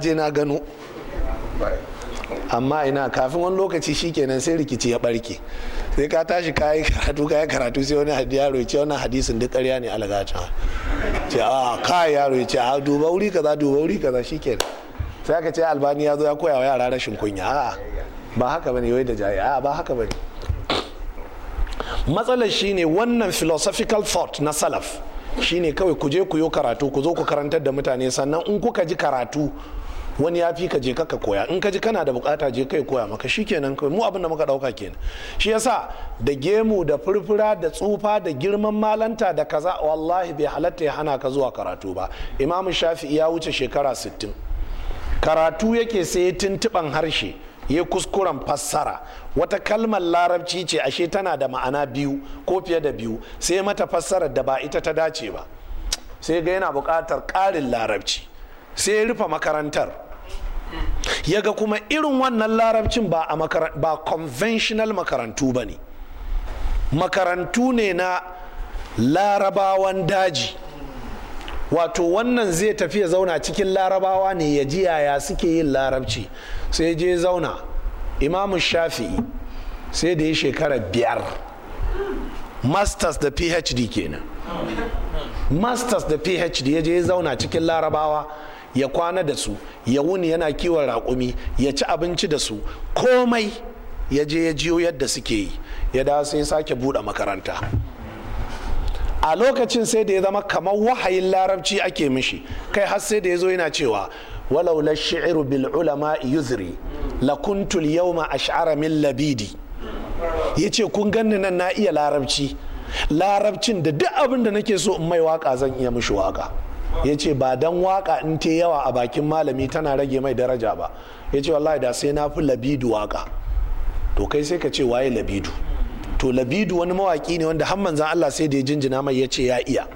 je na gano amma ina kafin wani lokaci shikenan sai rikici ya barke sai ka tashi ka yi karatu ka yi karatu sai wani hadisi yaro ce wannan hadisin duk ƙarya ne algata ce a ka yaro ya ce a duba wuri kaza duba wuri kaza shikenan sai aka ce albani ya zo ya koya wa yara rashin kunya a ba haka bane wai da jayi a ba haka bane matsalar shine wannan philosophical thought na salaf shine kawai ku je ku yi karatu ku zo ku karantar da mutane sannan in kuka ji karatu wani ya fi ka je kaka koya in ka ji kana da bukata je kai koya maka shikenan kai mu abin da muka dauka kenan shi yasa da gemu da furfura da tsufa da girman malanta da kaza wallahi bai halatta ya hana ka zuwa karatu ba imam shafi'i ya wuce shekara 60 karatu yake sai ya tuntuban harshe ya kuskuren fassara wata kalmar larabci ce ashe tana da ma'ana biyu ko fiye da biyu sai mata fassarar da ba ita ta dace ba sai ga yana buƙatar ƙarin larabci sai ya rufe makarantar yaga kuma irin wannan larabcin ba a ba conventional makarantu ba ne makarantu ne na larabawan daji wato wannan zai tafi ya zauna cikin larabawa ne ya ji yaya suke yin larabci sai je zauna imamu shafi'i sai da ya shekara biyar masters da phd kenan masters da phd ya je zauna cikin larabawa ya kwana da su ya wuni yana kiwon raƙumi ya ci abinci da su komai ya je ya jiyo yadda suke yi ya da sai sake buɗe makaranta a lokacin sai da ya zama kamar wahayin larabci ake mishi kai har sai da ya zo yana cewa walau la shi'ru bil ulama yuzri la kuntul yawma ash'ara min labidi yace kun ganni nan na iya larabci larabcin da duk abin da nake so in mai waka zan iya mishi waka ya ce ba dan waka in te yawa a bakin malami tana rage mai daraja ba ya ce wallahi da sai na fi labidu waka to kai sai ka ce waye labidu to labidu wani mawaki ne wanda har manzan Allah sai da ya jinjina mai ya ce ya iya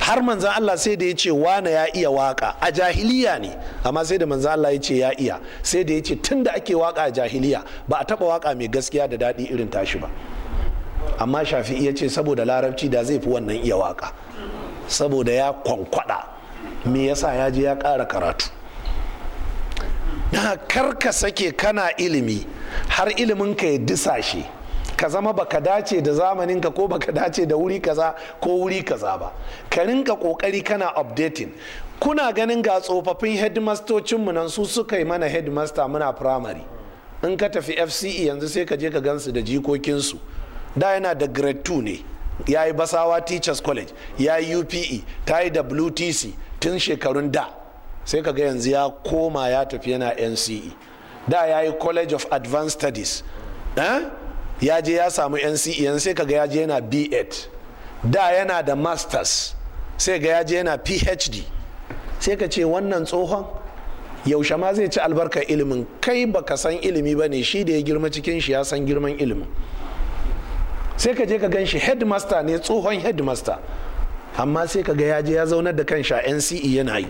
har manzan Allah sai da ya ce wane ya iya waka a jahiliya ne amma sai da manzan Allah ya ce ya iya sai da ya ce tun da ake waka a jahiliya ba a taba waka mai gaskiya da daɗi irin tashi ba amma shafi'i ya ce saboda larabci da zai fi wannan iya waka saboda ya kwankwada me yasa ya je ya ƙara karatu na karka sake kana ilimi har iliminka ya disashe ka zama baka dace da zamaninka ko baka dace da wuri kaza ko wuri kaza ba ka rinka kokari kana updating kuna ganin ga tsofaffin headmastocinmu nan su suka yi mana headmaster muna primary in ka tafi fce yanzu sai ka je ka gansu da jikokinsu da yana da grade 2 ne ya yi basawa teachers college ya yi upe ta yi wtc tun shekarun da sai kaga yanzu ya koma ya tafi yana nce da ya yi college of advanced studies eh? ya je ya samu nce yanzu sai kaga ya je yana b8 da yana da masters sai ga ya je yana phd sai ka ce wannan tsohon yaushe ma zai ci albarkar ilimin kai baka san ilimi ba ne shi da ya girma cikin shi ya san girman ilimin sai ka je ka gan shi headmaster ne tsohon headmaster amma sai ka ga ya je ya zaunar da kanshi a nce yana yi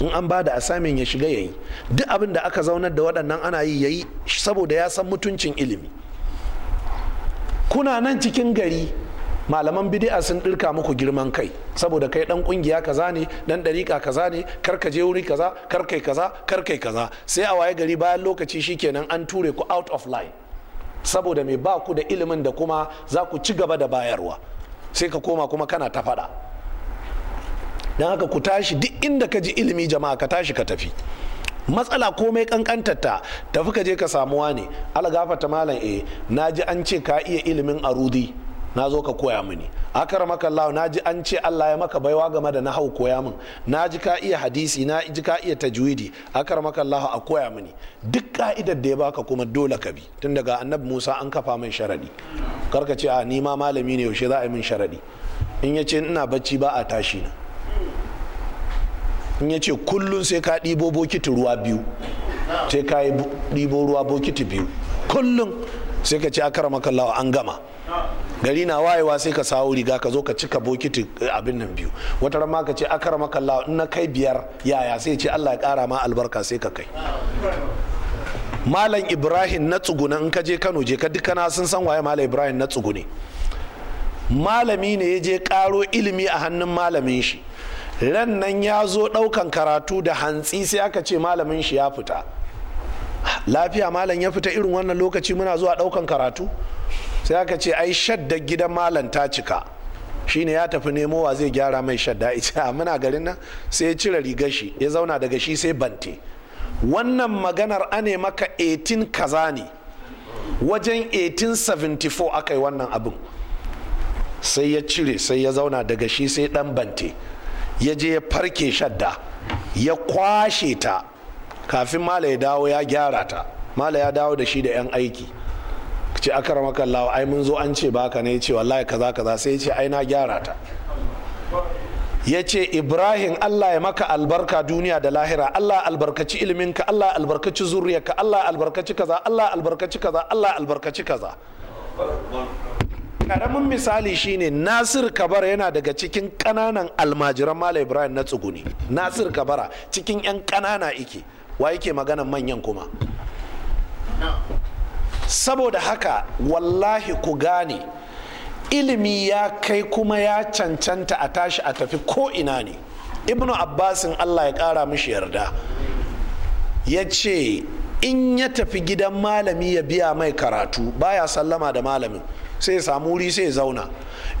in an ba da asamin ya shiga yayi duk abin da aka zaunar da waɗannan ana yi yayi saboda ya san mutuncin ilimi kuna nan cikin gari malaman bidi'a sun ɗirka muku girman kai saboda kai ɗan ƙungiya kaza ne ɗan ɗariƙa kaza ne kar ka je wuri kaza kar kai kaza kar kai kaza sai a waye gari bayan lokaci shi shikenan an ture ku out of line saboda mai ba ku da ilimin da kuma za ku ci gaba da bayarwa sai ka koma kuma kana ta faɗa don haka ku tashi duk inda ka ji ilimi jama'a ka tashi ka tafi matsala komai kankantar ta tafi ka je ka samuwa ne algafa ta malam e na ji an ce ka iya ilimin arudi na zo ka koya mini maka Allah na ji an ce Allah ya maka baiwa game da hau koya min na ji ka iya hadisi na ji ka iya tajwidi maka Allah a koya mini duk ka'idar da ya baka kuma dole ka bi tun daga annabi Musa an kafa min sharadi karka ce a ni ma malami ne yaushe za a yi min sharadi in ya ce ina bacci ba a tashi na in ya ce kullum sai ka ɗibo bokiti ruwa biyu sai ka yi ɗibo ruwa bokiti biyu kullum sai ka ce maka Allah an gama gari na wayewa sai ka sawo riga ka zo ka cika bokiti eh, abin nan biyu wata rama ka ce akara maka Allah in na kai biyar yaya sai ce Allah ya kara ma albarka sai ka kai malam ibrahim na tsuguna in ka je kano je ka dukkana sun san waye malam ibrahim na tsugune malami ne ya je karo ilimi a hannun malamin shi ran nan ya zo daukan karatu da hantsi sai aka ce malamin shi ya fita lafiya malam ya fita irin wannan lokaci muna zuwa ɗaukan karatu sai aka ce ai shadda gidan malam ta cika shine ya tafi nemo wa zai gyara mai shadda ita muna garin nan sai ya cire rigar shi ya zauna daga shi sai bante wannan maganar ane maka 18 kaza ne wajen 1874 aka yi wannan abin sai ya cire sai ya zauna daga shi sai dan bante ya je ya farke shadda ya kwashe ta kafin mala ya dawo ya gyara ta mala ya dawo da shi da 'yan aiki ce ai mun zo an ce baka ne ce wallahi kaza kaza sai ya ce ai na gyara ta ya ce ibrahim allah ya maka albarka duniya da lahira allah albarkaci ilminka allah albarkaci zuriyarka allah albarkaci kaza allah albarkaci kaza allah albarkaci kaza karamin misali shine nasir kabara yana daga cikin kananan almajiran mala ibrahim na tsuguni nasir kabara cikin yan kanana ike wa yake maganan manyan kuma saboda haka wallahi ku gane ilimi ya kai kuma ya cancanta a tashi a tafi ko ina ne ibnu abbasin allah ya kara mishi yarda ya ce in ya tafi gidan malami ya biya mai karatu baya sallama da malamin sai ya samu wuri sai ya zauna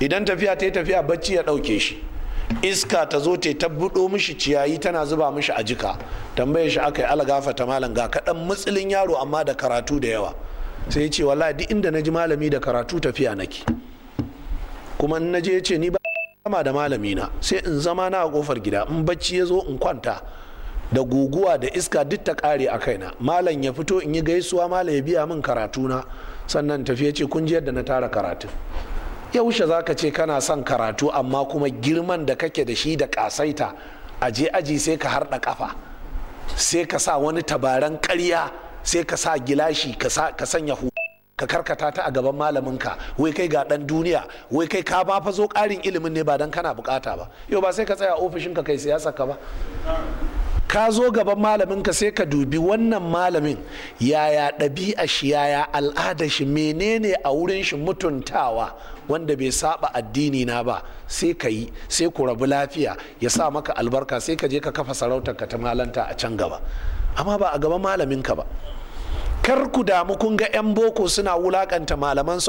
idan tafiya ta yi tafiya bacci ya ɗauke shi iska ta zo ta tabbudo mishi ciyayi tana zuba mishi a jika tambayar shi aka yi alagafa ta malam ga kaɗan matsilin yaro amma da karatu da yawa sai ya ce wallahi duk inda na ji malami da karatu tafiya nake kuma in na je ce ni ba zama da malami na sai in zama na a kofar gida in bacci ya zo in kwanta da guguwa da iska duk ta kare a kaina malam ya fito in yi gaisuwa malam ya biya min karatu na sannan tafiya ce kun ji yadda na tara karatu yaushe za ka ce kana son karatu amma kuma girman da kake da shi da kasaita a je aji sai ka harɗa kafa sai ka sa wani tabaran karya sai ka sa gilashi ka sanya hu ka karkata ta a gaban malaminka wai kai ga dan duniya wai kai ka ba fa zo karin ilimin ne ba dan kana bukata ba yau ba sai ka tsaya ofishin ka kai siyasa ka ba ka zo gaban malaminka sai ka dubi wannan malamin yaya ɗabi'a shi yaya al'ada shi menene a wurin shi mutuntawa wanda bai saba addini na ba sai ka yi sai ku rabu lafiya ya sa maka albarka sai ka je ka kafa sarautar ka ta malanta a can gaba amma ba a gaban malaminka ba kar ku damu kun ga 'yan boko suna wulakanta malaman su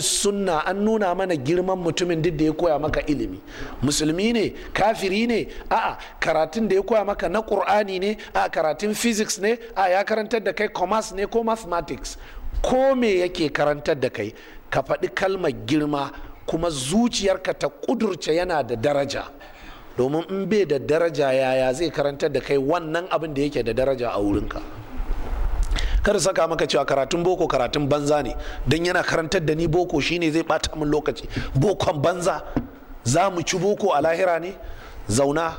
sunna an nuna mana girman mutumin duk da ya koya maka ilimi musulmi ne kafiri ne a'a karatun da ya koya maka na qur'ani ne a'a karatun physics ne a ya karantar da kai commerce ne ko mathematics ko me yake karantar da kai ka faɗi kalmar girma kuma zuciyarka ta ƙudurce yana da daraja domin in bai da daraja yaya zai karantar da kai wannan abin da yake da daraja a wurinka kada saka maka cewa karatun boko karatun banza ne don yana karantar da ni boko shine zai bata min lokaci bokon banza za mu ci boko a lahira ne zauna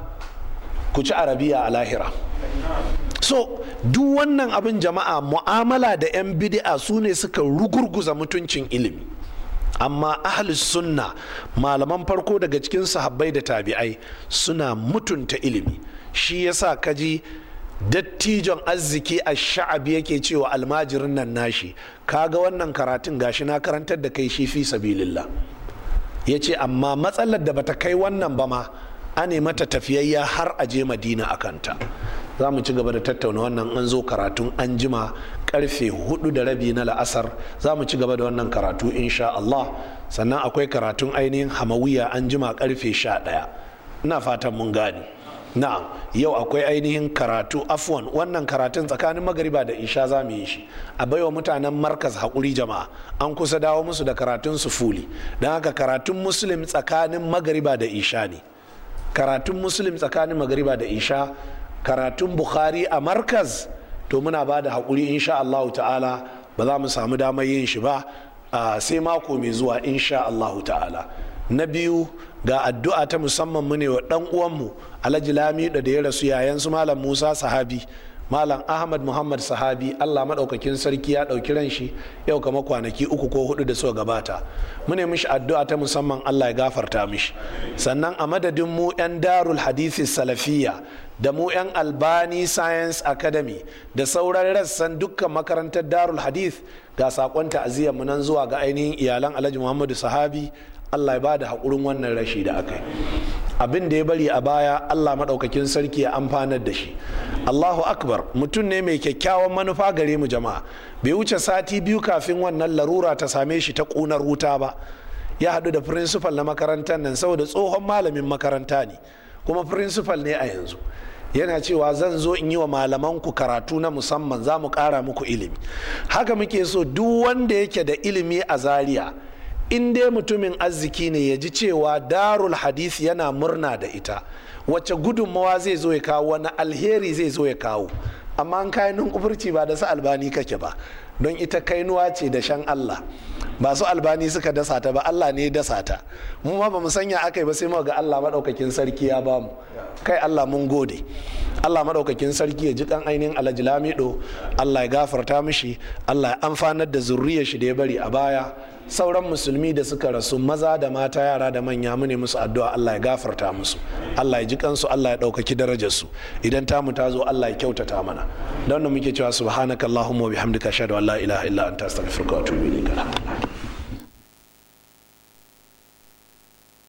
ku ci arabiya a lahira so duk wannan abin jama'a mu'amala da 'yan bidi'a su ne suka rugurguza mutuncin ilimi amma ahlus sunna malaman farko daga cikin sahabbai da tabi'ai suna mutunta ilimi shi yasa ji dattijon arziki a sha'abi yake cewa almajirin nan nashi kaga wannan karatun gashi na karantar da kai shi fi sabilillah ya ce amma matsalar da bata kai wannan ba ma a mata tafiyayya har a je madina a kanta za mu ci gaba da tattauna wannan an zo karatun an jima karfe hudu da rabi na la'asar za mu ci gaba da wannan karatu insha Allah sannan akwai karatun ainihin hamawiya an jima karfe sha ɗaya ina fatan mun gane na'am yau akwai ainihin karatu afwan wannan karatun tsakanin magariba da isha za mu yi shi a baiwa mutanen markas haƙuri jama'a an kusa dawo musu da karatun su fuli don haka karatun muslim tsakanin magariba da isha ne karatun muslim tsakanin magariba da isha karatun bukhari a markaz to muna ba da haƙuri insha allahu ta'ala ba za mu samu damar yin shi ba sai mako mai zuwa insha allahu ta'ala na biyu ga addu'a ta musamman mu ne wa ɗan uwanmu alhaji lamido da ya rasu yayan su malam musa sahabi malam ahmad muhammad sahabi allah maɗaukakin sarki ya ɗauki ran shi yau kama kwanaki uku ko hudu da suka gabata mune mishi addu'a ta musamman allah ya gafarta mishi sannan a madadin mu 'yan darul hadisi salafiya da mu 'yan albani science academy da sauran rassan dukkan makarantar darul hadith ga sakon ta'aziyar nan zuwa ga ainihin iyalan alhaji muhammadu sahabi allah ya ba da haƙurin wannan rashi da aka yi abin da ya bari a baya allah maɗaukakin sarki ya amfanar da shi allahu akbar mutum ne mai kyakkyawan manufa gare mu jama'a bai wuce sati biyu kafin wannan larura ta same shi ta ƙunar wuta ba ya haɗu da firinsifal na makarantar nan saboda tsohon malamin makaranta ne kuma principal ne a yanzu yana cewa zan zo in yi wa malamanku karatu na musamman za mu kara muku ilimi haka muke so duk wanda yake da ilimi a zaria in dai mutumin arziki ne ya ji cewa darul hadith yana murna da ita wacce gudunmawa zai zo ya kawo wani alheri zai zo ya kawo amma an kayan kufurci ba da sa albani kake ba don ita kainuwa ce da shan Allah ba su albani suka dasa ta ba Allah ne dasa ta mu ma ba mu sanya aka yi ba sai ga Allah madaukakin sarki ya bamu kai Allah mun gode Allah madaukakin sarki ya ji kan ainihin Alhaji Lamido Allah ya gafarta mishi Allah ya amfanar da zurriyar shi da ya bari a baya sauran musulmi da suka rasu maza da mata yara da manya mu ne musu addu'a Allah ya gafarta musu Allah ya ji kansu Allah ya daukaki darajarsu. su idan mu ta zo Allah ya kyautata mana don muke cewa subhanakallahumma wa bihamdika ashhadu la ilaha illa anta astaghfiruka wa atubu ilayk